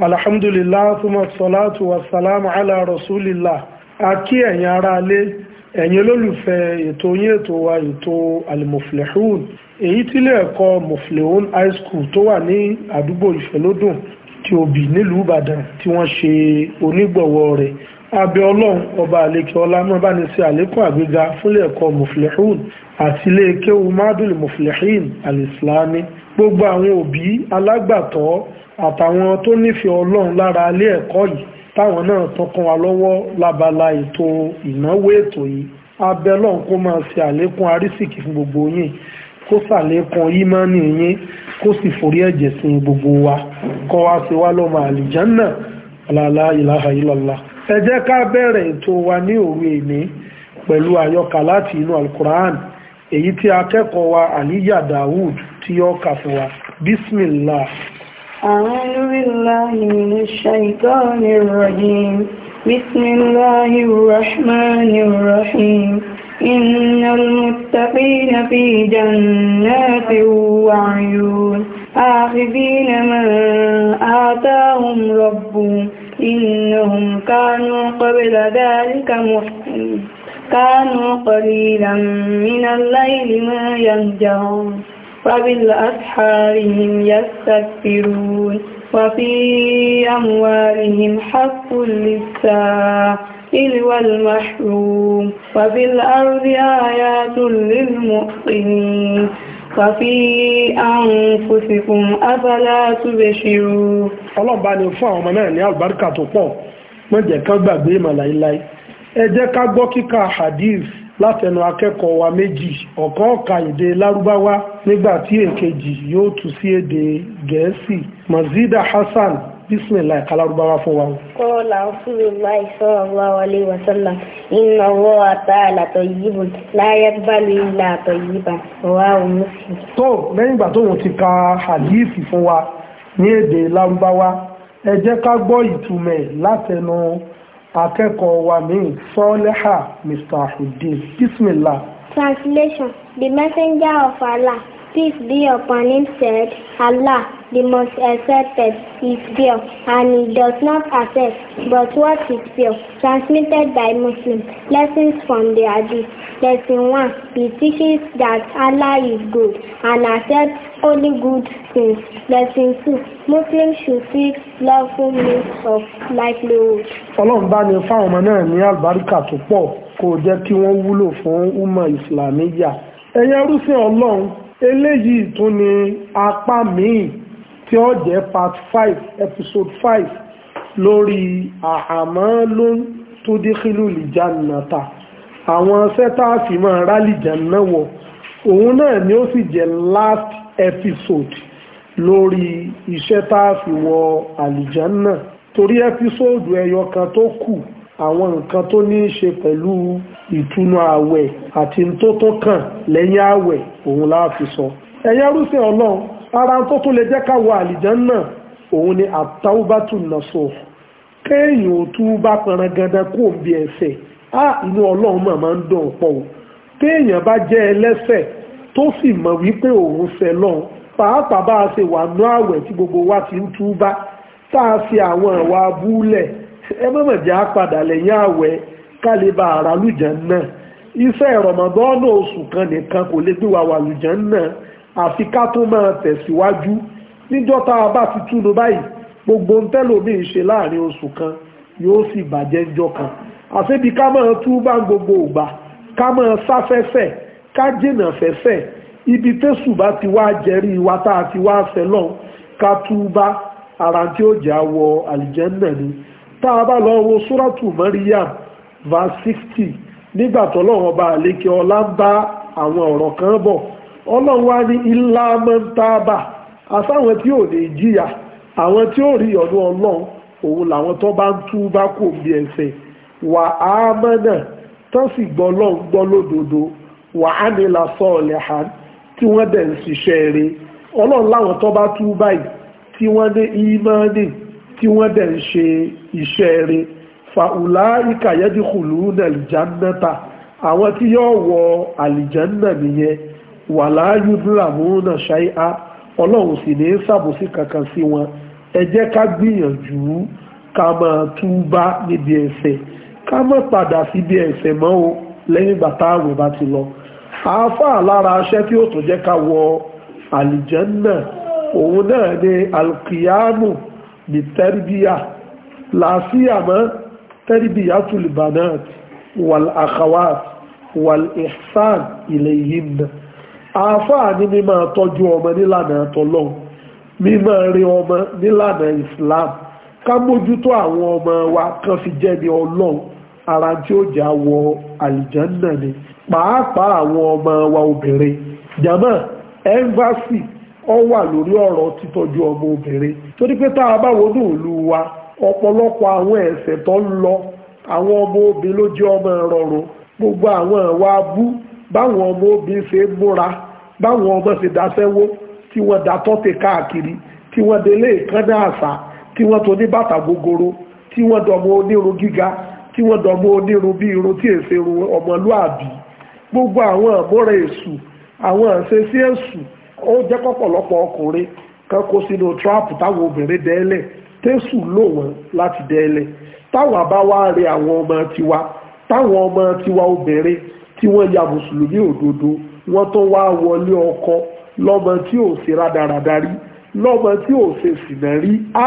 alhamdulillah thumma salatu wa salamu ala rasulillah a kí ẹ̀yin ará alé ẹ̀yin olólùfẹ́ ètò yín ètò wa ètò almuflihun èyí tílé ẹ̀kọ́ muflihun high school tó wà ní àdúgbò ìfẹ́lódùn tí òbí nílùú ìbàdàn tí wọ́n ṣe onígbọ̀wọ́ rẹ̀ abẹ ọlọ́run ọba àlekè ọlá náà bá ní sí àlékún àgbéga fúnlé ẹ̀kọ́ muflihun àti ilé kéwu madul muflihin alislami gbogbo àwọn òbí alágbàtọ́ àtàwọn tó nífẹ̀ẹ́ ọlọ́run lára ilé ẹ̀kọ́ yìí táwọn náà tọkàn wa lọ́wọ́ lábala ètò ìnáwó ètò yìí abẹ́lọ́run kó máa ṣe àlékún arísìkì fún gbogbo yín kó ṣàlékún ímánì yín kó sì forí ẹ̀jẹ̀ sí gbogbo wa kọ́ wa ṣe wá lọ́mọ àlìjánà alàlá ìlàhà ìlàlá ẹ jẹ́ ká bẹ̀rẹ̀ ètò wa ní òru èní pẹ̀lú àyọkà láti inú alukur'an èyí tí akẹ́kọ̀ọ́ wa àníyà Dawud tí yọ kà fún wa bismillah أعوذ بالله من الشيطان الرجيم بسم الله الرحمن الرحيم إن المتقين في جنات وعيون آخذين ما آتاهم ربهم إنهم كانوا قبل ذلك محسنين كانوا قليلا من الليل ما يهجعون وبالأسحار هم يستغفرون وفي أموالهم حق للسائل والمحروم وفي الأرض آيات للمحسنين وفي أنفسكم أفلا تبشرون ọlọ́run bá ní fún àwọn ọmọ náà ní àlùbáríkà tó pọ̀ wọ́n jẹ́ ká gbàgbé ìmọ̀ láíláí látẹnu akẹ́kọ̀ọ́ wa méjì ọ̀kan ọ̀ka èdè lárúbáwá nígbàtí èkejì yóò tú sí èdè gẹ̀ẹ́sì mazida Hassan bismillah ka lárúbáwá fún wa. kọ́lá rasulullah sallallahu alaihi wasallam inna Allaha ta'ala tayyibun la yaqbalu illa tayyiban rawahu muslim. tó lẹ́yìn ìgbà tóun ti ka hadithi fún wa ní èdè lárúbáwá ẹ jẹ́ ká gbọ́ ìtumẹ̀ látẹnu akẹ́kọ̀ọ́ wa mi sọ́lẹ́hà mr ahudin bismillah. translation the messenger of allah peace be upon him said allah the most accepted is pure, and it does not accept but what is pure. Transmitted by Muslims. Lessons from the Hadith. Lesson 1. It teaches that Allah is good and accepts only good things. Lesson 2. Muslims should seek lawful means of livelihood. Ọlọ́run bá ní fáwọn ọmọ náà ní àlùbáríkà tó pọ̀ kó jẹ́ kí wọ́n wúlò fún umma Islamiyya. Ẹ̀yẹ́ rúfin Ọlọ́run eléyìí tún ni apá míì tí ó jẹ́ part five episode five lórí àhàmọ́ ló ń tó dé kílù lìjànàta àwọn sẹ́tàfì máa rálìjànà wọ̀ òun náà ni ó sì jẹ́ last episode lórí iṣẹ́ tààfì wọ àlìjànà torí episode ẹyọ kan tó kù àwọn nǹkan tó ní í ṣe pẹ̀lú ìtúnu ààwẹ̀ àti tó tó kàn lẹ́yìn ààwẹ̀ òun láàfi sọ ọlọ́run ara tó tún lè jẹ́ káwọ àlìjánà òun ni àtàwùbátù nàṣọ kéèyàn ò tú bá pẹran gandan kó o bí ẹ̀ṣẹ̀ á inú ọlọ́run mà máa ń dùn pọ̀ o kéèyàn bá jẹ́ ẹlẹ́ṣẹ̀ tó sì mọ̀ wípé òun fẹ́ lọ́hùn pàápàá bá a ṣe wà nú àwẹ̀ tí gbogbo wa ti ń tú bá tá a ṣe àwọn ìwà abúlẹ̀ ẹ mọ̀mọ̀ jẹ́ á padà lẹ́yìn àwẹ̀ kálíbà àràlùjẹ́ náà iṣẹ́ Ramadan oṣù kan nìkan kò lè gbé wa wà lùjẹ́ náà àfi ká tó máa tẹ̀síwájú níjọ́ tá a bá ti túnú báyìí gbogbo ń tẹ́lòmíì ṣe láàrin oṣù kan yóò sì bàjẹ́ ńjọ́ kan àṣebi ká máa tú bá gbogbo ògbà ká máa sáfẹ́fẹ́ ká jìnà fẹ́fẹ́ ibi tẹ́sù bá ti wá jẹ́rí wa tá a ti wá fẹ́ lọ́n ká tú bá ara tí ó jà wọ àlìjẹ́nà ni tá a bá lọ wo súrátù Maryam verse sixty nígbà tọ́lọ́run ọba àlékè ọlá ń bá àwọn ọ̀rọ̀ kan bọ̀ ọlọ́run wá ní ilá mọ́ntàbà àsáwọn tí ò lè jìyà àwọn tí ò rí ọdún ọlọ́run òun làwọn tó bá ń tú bá kò bí ẹsẹ̀ wà á mọ́nà tó sì gbọ́ ọlọ́run gbọ́ lódodo wà á ní lásán ọ̀lẹ̀ hàn tí wọ́n dẹ̀ ń ṣiṣẹ́ rẹ̀ ọlọ́run láwọn tó bá tú báyìí tí wọ́n ní ìmánì tí wọ́n dẹ̀ ń ṣe iṣẹ́ rẹ̀ fàùlà ìkàyẹ́dìkùlù nàìjánnáta àwọn tí yóò wọ àlìjánná nìyẹn wàláyú dúlàmúnà ṣáíà ọlọ́run sì ní sàbòsí kankan sí wọn ẹ jẹ́ ká gbìyànjú ká máa túbá níbi ẹ̀ṣẹ̀ ká má padà síbi ẹ̀ṣẹ̀ mọ́ o lẹ́yìn ìgbà táwọn bá ti lọ àáfàá lára aṣẹ́ tí ó tún jẹ́ ká wọ àlìjẹ́nnà òun náà ni alkiyamu ní tẹ́rìbíyà làásìyàmọ́ tẹ́rìbíyà tùlìbànà wàl àkàwàt wàl ìhsàn ilayhinna àáfàá ní mímọ́ tọ́jú ọmọ nílànà tọlọ́hun mímọ́ rí ọmọ nílànà Islam ká mójútó àwọn ọmọ wa kan fi jẹ́ ní ọlọ́hun ara tí ó jà wọ àlìjánná ni pàápàá àwọn ọmọ wa obìnrin jàmọ́ ẹ́ńfàsì ọ wà lórí ọ̀rọ̀ títọ́jú ọmọ obìnrin torí pé tá a bá wọnú ìlú wa ọ̀pọ̀lọpọ̀ àwọn ẹ̀ṣẹ̀ tó ń lọ àwọn ọmọ obìnrin ló jẹ́ ọmọ rọrùn gbogbo àwọn ìwà abú báwọn ọmọ obìnrin ṣe múra báwọn ọmọ ṣe dáṣẹ́wó tí wọ́n da tọ́tẹ̀ káàkiri tí wọ́n délé ìkánná àṣà tí wọ́n tó ní bàtà gogoro tí wọ́n dọ̀mọ́ onírun gíga tí wọ́n dọ̀mọ́ onírun bí irun tí èsè irun ọmọlúàbí gbogbo àwọn àmúra èṣù àwọn àṣesí èṣù ó jẹ́ kọ́pọ̀lọpọ̀ ọkùnrin kan kó sínú trap táwọn obìnrin dẹ́lẹ̀ tẹ́sù lò wọ́n láti dẹ́lẹ̀ táwọn àbáwá rẹ àwọn ọmọ tiwa táwọn ọmọ tiwa obìnrin tí wọ́n ya mùsùlùmí òdodo wọ́n tó wá wọlé ọkọ lọ́mọ tí ò ṣe rádaràda rí lọ́mọ tí ò ṣe sìnà rí a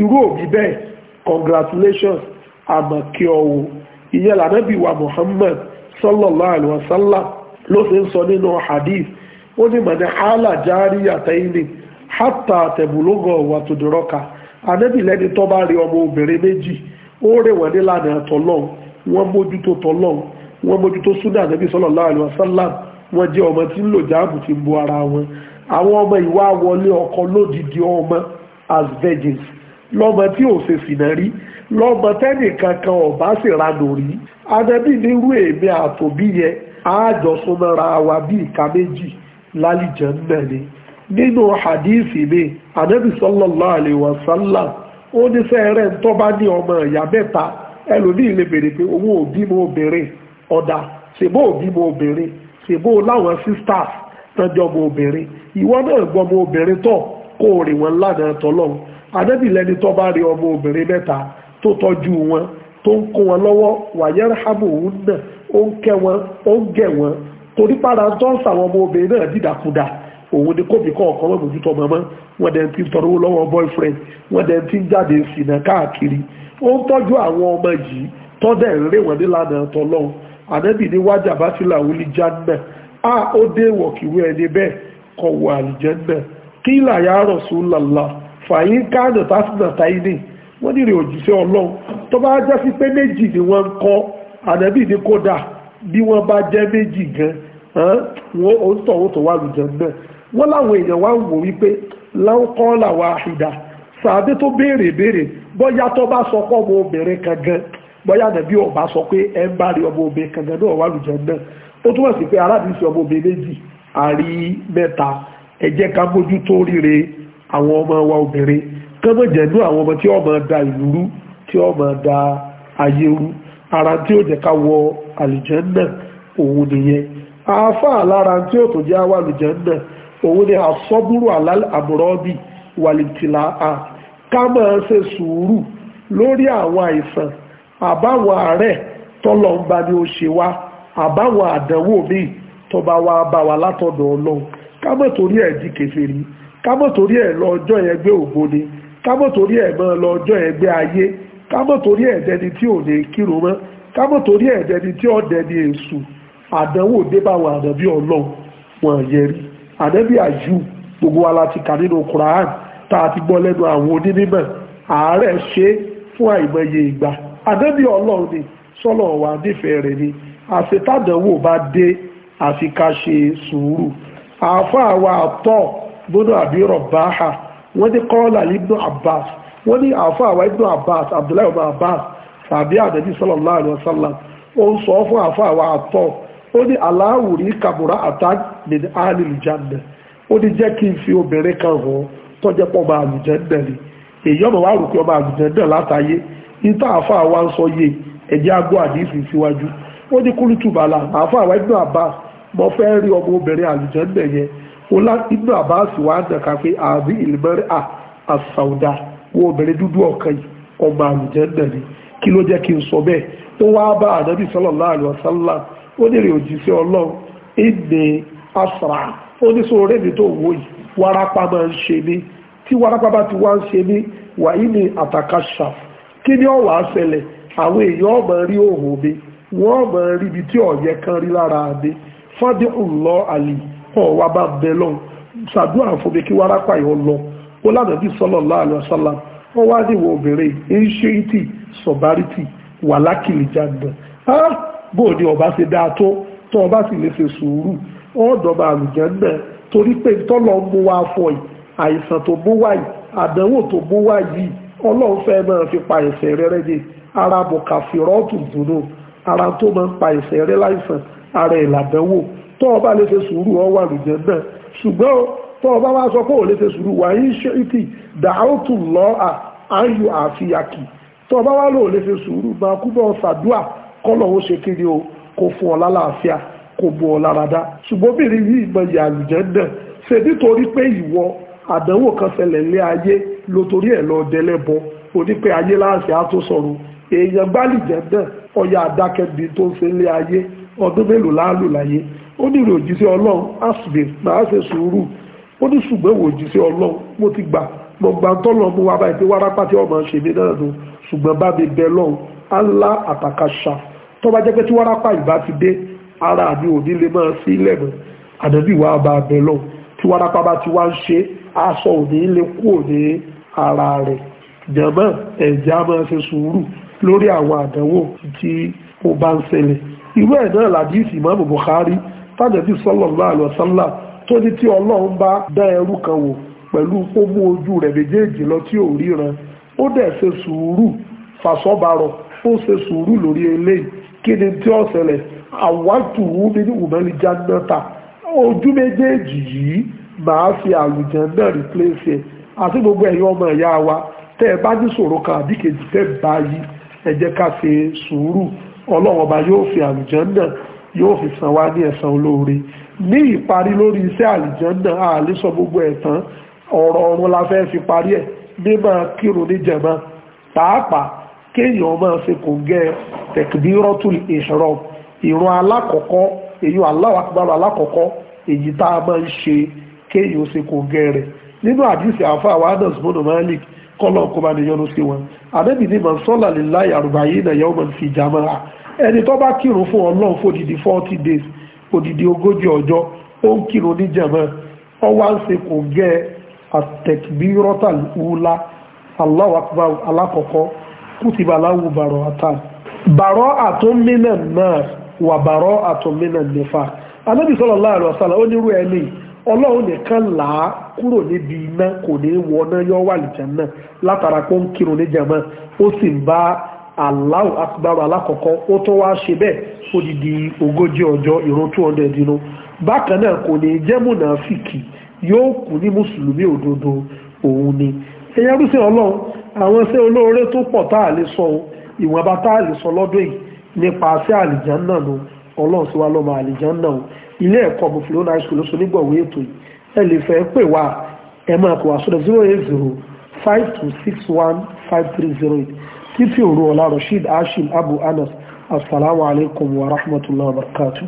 irú òbí bẹ́ẹ̀ congratulations àmọ̀ kí ọ wo ìyẹn lànàbí wa Muhammad sallallahu alaihi wasallam ló fi ń sọ nínú hadith ó ní mọ̀nà àlà járí àtẹ́yìnì hátà àtẹ̀bùlógọ̀ wà tó dìrọ́ka ànábì lẹ́ni tó bá rí ọmọ obìnrin méjì ó rè wọ́n nílànà àtọ̀lọ́hún wọ́n mójútó tọ̀lọ́hún wọ́n mójútó súnà nàbí sallallahu alaihi wasallam wọ́n jẹ́ ọmọ tí ń lò jáàbù ti bo ara wọn àwọn ọmọ ìwà wọlé ọkọ lódìdí ọmọ as virgins lọ́mọ tí ò ṣe sìnà rí lọ́mọ tẹ́nìkan kan ọ̀bá sì ranù rí anabi nírú èmi àtòbí yẹn àjọsúnmọ́ra wa bí ìka méjì lálìjẹ́ mẹ́rin nínú hadithi mi anabi sallallahu alaihi wasallam ó ní sẹ́ẹ̀rẹ́ ń tọ́ bá ní ọmọ ìyá mẹ́ta ẹlòmíì lè béèrè pé owó òbí mo béèrè ọ̀dà ṣèbó òbímọ obìnrin ṣèbó láwọn sisters tọ́jọ́ ọmọ obìnrin ìwọ náà gbọ́ ọmọ obìnrin tọ̀ kó o rìn wọn lánàá tọ́lọ́run adébí lẹni tó bá rí ọmọ obìnrin mẹ́ta tó tọ́jú wọn tó ń kó wọn lọ́wọ́ wàyẹ́rẹ́hámù òun náà ó ń kẹ́ wọn ó ń gẹ̀ wọn torí padà tó ń sàwọn ọmọ obìnrin náà dìdàkudà òun ni kóbi kọ́ ọ̀kan lọ́mọ mọ́mọ́ wọ́n dẹ̀ ti tọrọ lọ́wọ́ boyfriend wọ́n dẹ̀ ti ń jáde sínà káàkiri ó ń tọ́jú àwọn ọmọ yìí tọ́dẹ̀ ń rè wọ́n nílànà tọ́lọ́run àdẹ́bì ní wájà bá sílà wúlí jáde a ó dé wọ̀kìwé ẹni bẹ́ẹ̀ kọ̀ wọ àlìjẹ́ bẹ́ẹ̀ kí làyà Rasulullah fàyí káàdọ̀ tásìnà táìní wọ́n nílò òjíṣẹ́ ọlọ́run tó bá jẹ́ sí pé méjì ni wọ́n ń kọ́ àdẹ́bì ní kódà bí wọ́n bá jẹ́ méjì gan wọ́n ó tọ̀ ó tọ̀ wà lùjẹ́ bẹ́ẹ̀ wọ́n láwọn èèyàn wá bọ́yá nàbí ọba sọ pé ẹ ń bá rí ọmọ obìnrin kankan náà wà lùjọ náà ó túmọ̀ sí pé aládìsí ọmọ obìnrin méjì àrí mẹ́ta ẹ ká bójú tó ríre àwọn ọmọ wa obìnrin kán mọ̀ jẹ̀nú àwọn ọmọ tí ó máa da ìlú rú tí ó máa da ayé rú ara tí ó jẹ́ ká wọ àlùjọ náà òun nìyẹn àáfàá lára tí ó tó jẹ́ àwọ àlùjọ náà òun ni àsọ́búrú àmúrọ́bì wàlìtìlá a ká máa ṣe sùúrù lórí àwọn àìsàn àbáwọ̀ àárẹ̀ tọ́lọ̀ ń bá ní ó ṣe wá àbáwọ̀ àdánwò míì tọba wa bá wa látọ̀dọ̀ ọlọ́run kámọ̀ torí ẹ̀ di kèfèrí kámọ̀ torí ẹ̀ lọ ọjọ́ yẹn gbé ògbóni kámọ̀ torí ẹ̀ mọ́ lọ ọjọ́ yẹn gbé ayé kámọ̀ torí ẹ̀ dẹni tí ò ní kírun mọ́ kámọ̀ torí ẹ̀ dẹni tí ọ̀dẹ̀ ni èṣù àdánwò dé báwọn àdàbí ọlọ́run wọn yẹrí àdàbí àjù gbogbo wa láti kà nínú Quran tá a ti gbọ́ lẹ́nu àwọn onímọ̀ àárẹ̀ ṣe fún àìmọye ìgbà àdébí ọlọ́run ni sọ́lọ̀ wà nífẹ̀ẹ́ rẹ̀ ni àṣetádẹ̀wò bá dé àfi ká ṣe sùúrù àáfàá wa àtọ̀ gbọ́dọ̀ àbí rọ̀báhà wọ́n ní kọ́ọ̀là ibnu abbas wọ́n ní àáfàá wa ibnu abbas abdullahi ibnu abbas tàbí àdẹ́bí sallallahu alaihi wasallam ó ń sọ wa àtọ̀ ó ní aláwùrí kàbùrà àtàn min alil janna ó ní jẹ́ kí n fi ni èyí ọmọ wa rò pé ọmọ àlùjẹ́ níta àfáà wa ń sọ yé ẹ̀jẹ̀ agbó àdìsí síwájú wọ́n ní kúlù tùbàlà àfáà wa ibùdó àbá mo fẹ́ rí ọmọ obìnrin àlùjẹ́ ńbẹ̀ yẹn ọlá ibùdó àbá sì wá dàka pé àbí ìlmẹ́rẹ́ à àsàùdà wọ obìnrin dúdú ọ̀kan yìí ọmọ àlùjẹ́ ńbẹ̀ ni kí ló jẹ́ kí n sọ bẹ́ẹ̀ ó wá bá ànábì sallallahu máa ń ṣe mí tí wárápá bá ti wá ń ṣe mí wàyí ni àtàkà ṣàfù kí ni ọ̀wà ṣẹlẹ̀ àwọn èèyàn ọmọ rí òhun mi wọ́n ọmọ rí ibi tí ọ̀yẹ kan rí lára mi fọ́dí ńlọ àlè ọ̀wà bá bẹ lọ́hùn ṣàdúrà fún mi kí wárápá yọ lọ ó lànà bí sallallahu alaihi wasallam wọ́n wá ní ìwọ obìnrin inṣiriti sọ̀bárìtì wà lákìlì jàǹdà á bó ni ọba ṣe dáa tó tó ọba sì lè ṣe sùúrù ọ̀dọ̀ba àlùjànnà torí pé tọ́lọ̀ mú wa fọ àìsàn tó mú wáyìí àdánwò tó mú wáyìí ọlọ́run fẹ́ máa fi pa ẹ̀ṣẹ̀ rẹ rẹ́ dé ara bùkà fìrọ́ọ̀tù dùnú ara tó máa ń pa ẹ̀ṣẹ̀ rẹ láìsàn ara ìlàdánwò tó o bá lè ṣe sùúrù ọ wà lùjẹ́ náà ṣùgbọ́n tó o bá wá sọ pé ò lè ṣe sùúrù wà yín ṣèkì dàáwùtù lọ àáyù àfiyàkì tó o bá wá lò lè ṣe sùúrù máa kú bọ́ ṣàdúà kọ́lọ̀ ó ṣe kiri o kò fún ọ lálàáfíà kò bu ọ láradá ṣùgbọ́n obìnrin àdánwò kan ṣẹlẹ̀ lé ayé ló torí ẹ̀ lọ dẹlẹ́bọ onípe ayé láàṣẹ á tó sọ̀rọ̀ èèyàn gbálì jẹ́dẹ̀ ọya àdákẹ́bi tó ń ṣe lé ayé ọdún mélòó láàlù láyé ó ní ìrò òjíṣẹ́ ọlọ́run àṣìbè máa ṣe sùúrù ó ní ṣùgbọ́n ìwò òjíṣẹ́ ọlọ́run mo ti gbà mo gbà tọ́lọ̀ mú wa báyìí pé wárápá tí ọmọ ṣe mí náà nù ṣùgbọ́n bá mi bẹ lọ́run Allah àtàkàṣà tó bá jẹ́ pé tí wárápá ìbá ti dé ara mi ò ní lè máa sí ilẹ̀ mọ́ àdàbí ìwà bá bẹ lọ́run tí wárápá bá ti wá ń ṣe é aṣọ òní lè kúrò ní ara rẹ̀ jẹ̀mọ́ ẹ̀já máa ṣe sùúrù lórí àwọn àdánwò tí ó bá ń ṣẹlẹ̀ irú ẹ̀ náà làdíìsì Ìmáàmù Bukhari tàbí sallallahu alaihi wasallam tó ní tí ọlọ́run bá dá ẹrú kan wò pẹ̀lú kó mú ojú rẹ̀ méjèèjì lọ tí ò ríran ó dẹ̀ ṣe sùúrù fàṣọ́barọ̀ ó ṣe sùúrù lórí eléyìí kí ni tí ó ṣẹlẹ̀ àwátùwú mi ní ìwùmẹ́lì jáde náà ta ojú méjèèjì yìí màá fi àlùjẹ náà replace ẹ̀ àti gbogbo ẹ̀yin ọmọ ìyá wa tẹ́ ẹ bá ní ṣòro kan àbí kejì tẹ́ báyìí ẹ jẹ́ ká ṣe sùúrù ọlọ́run ọba yóò fi àlùjẹ náà yóò fi san wá ní ẹ̀san olóore ní ìparí lórí iṣẹ́ àlùjẹ náà a lè sọ gbogbo ẹ̀ ọ̀rọ̀ ọ̀run la fẹ́ fi parí ẹ̀ mímọ́ kírun níjàmá pàápàá kéèyàn máa ṣe kò gẹ́ tẹ̀kìdírọ́tùl ìṣòro kéèyàn ó ṣe kò gẹ̀rẹ̀ nínú àdìsí àfa àwọn adams mọ́nà malik kọ́lọ̀ kó bá níyọnu sí wọn àdẹ́bì ní mọ̀ sọ́là lílá yàrùbá yìí nà yọ̀ọ́ mọ̀ sí ìjàmọ́ra ẹni tó bá kírun fún ọlọ́run fòdìdí forty days fòdìdí ogójì ọjọ́ ó ń kírun ní jàmọ́ ọ wá ń ṣe kò gẹ́ àtẹ̀kbírọ́tà wúlá Allahu akbar alákọ̀ọ́kọ́ kùtìbà láwù bàrọ̀ àtàn bàrọ̀ àtúnmínà náà wà bàrọ̀ àtúnmínà nífà àdẹ́bì sọ́là láàrin ọ̀sán ọlọ́run nìkan là á kúrò níbi iná kò ní wọná yọ wà lìjànnà látara pé ó ń kírun ní jàmá ó sì ń bá Allahu akbar alákọ̀ọ́kọ́ ó tó wá ṣe bẹ́ẹ̀ odidi ogójì ọjọ́ ìrun two hundred inú bákan náà kò ní jẹ́ mùnàfíkì yóò kú ní mùsùlùmí òdodo òun ni ẹ̀yà rúṣẹ́ ọlọ́run àwọn iṣẹ́ olóore tó pọ̀ tá à lè sọ ìwọ̀nba tá à lè sọ lọ́dún yìí nípa iṣẹ́ àlìjànnà náà ọlọ́run sí wa lọ́mọ àlìjànnà náà ilé ẹ̀kọ́ buffalo high school lóṣù nígbọ̀wé ètò yìí ẹ lè fẹ́ pè wá ẹ máa kó wá sọ́dọ̀ zero eight zero five two six one five three zero eight títí òru ọ̀la rasheed hashim abu anas asalaamualeykum wa rahmatulahi wa barakatuh.